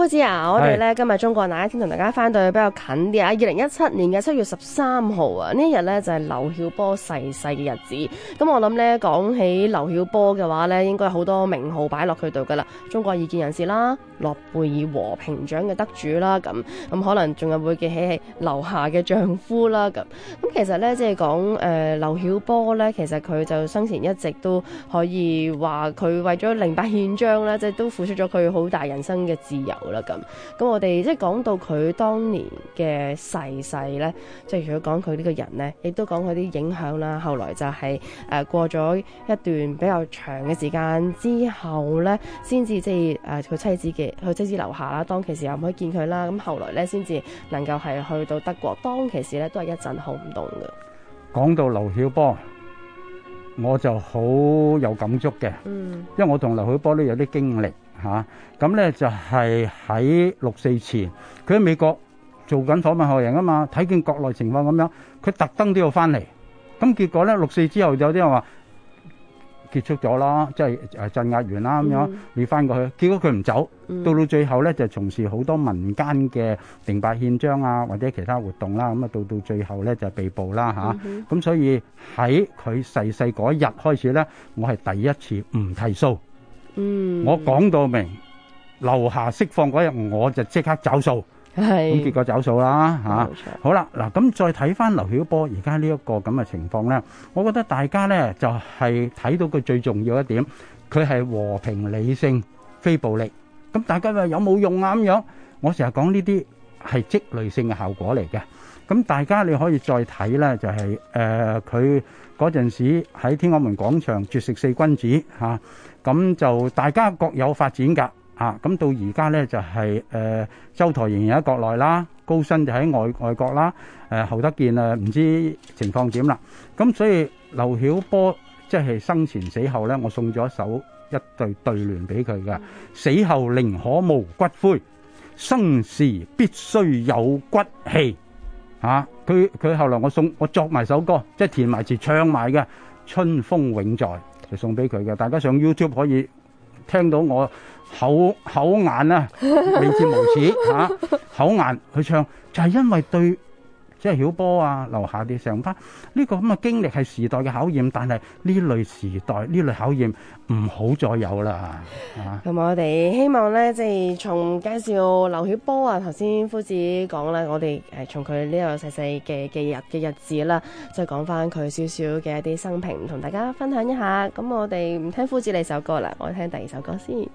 開始啊！我哋咧今日中國那一天同大家翻到去比較近啲啊！二零一七年嘅七月十三號啊，呢日咧就係、是、劉曉波逝世嘅日子。咁、嗯、我諗咧講起劉曉波嘅話咧，應該好多名號擺落佢度㗎喇，中國異見人士啦，諾貝爾和平獎嘅得主啦，咁咁、嗯、可能仲有會記起劉霞嘅丈夫啦，咁咁、嗯、其實咧即係講誒劉曉波咧，其實佢就生前一直都可以話佢為咗零八憲章咧，即、就、係、是、都付出咗佢好大人生嘅自由。啦咁，咁我哋即係講到佢當年嘅逝世咧，即係如果講佢呢個人咧，亦都講佢啲影響啦。後來就係、是、誒、呃、過咗一段比較長嘅時間之後咧，先至即係誒佢妻子嘅，佢妻，妻子留下啦。當其時又唔可以見佢啦，咁後來咧先至能夠係去到德國。當其時咧都係一陣好唔動嘅。講到劉曉波，我就好有感觸嘅，嗯，因為我同劉曉波都有啲經歷。嚇咁咧就係、是、喺六四前，佢喺美國做緊訪問學人啊嘛，睇見國內情況咁樣，佢特登都要翻嚟。咁、啊、結果咧，六四之後有啲人話結束咗啦，即、就、係、是、鎮壓完啦咁樣，要翻過去。結果佢唔走，到、嗯、到最後咧就從事好多民間嘅零八憲章啊或者其他活動啦、啊。咁啊到到最後咧就被捕啦嚇。咁、啊嗯嗯、所以喺佢逝世嗰日開始咧，我係第一次唔提數。嗯，我講到明，樓下釋放嗰日我就即刻走數，咁是結果走數啦吓。啊、錯好啦，嗱咁再睇翻劉曉波而家呢一個咁嘅情況咧，我覺得大家咧就係、是、睇到佢最重要一點，佢係和平理性，非暴力。咁大家話有冇用啊？咁樣，我成日講呢啲係積累性嘅效果嚟嘅。咁大家你可以再睇咧，就係誒佢嗰陣時喺天安門廣場絕食四君子嚇，咁就大家各有發展㗎嚇。咁到而家咧就係誒周舵仍然喺國內啦，高新就喺外外國啦。誒侯德健誒唔知情況點啦。咁所以劉曉波即係生前死後咧，我送咗一首一對對聯俾佢嘅，死後寧可無骨灰，生時必須有骨氣。嚇！佢佢、啊、後來我送我作埋首歌，即係填埋詞唱埋嘅《春風永在》就送俾佢嘅，大家上 YouTube 可以聽到我口口眼啊，未至無恥嚇、啊、 口眼去唱，就係、是、因為對。即係曉波啊，留下啲成班呢個咁嘅經歷係時代嘅考驗，但係呢類時代呢類考驗唔好再有啦。咁我哋希望咧，即係從介紹劉曉波啊，頭先夫子講咧，我哋誒從佢呢個細細嘅嘅日嘅日子啦，再講翻佢少少嘅一啲生平，同大家分享一下。咁我哋唔聽夫子呢首歌啦，我聽第二首歌先。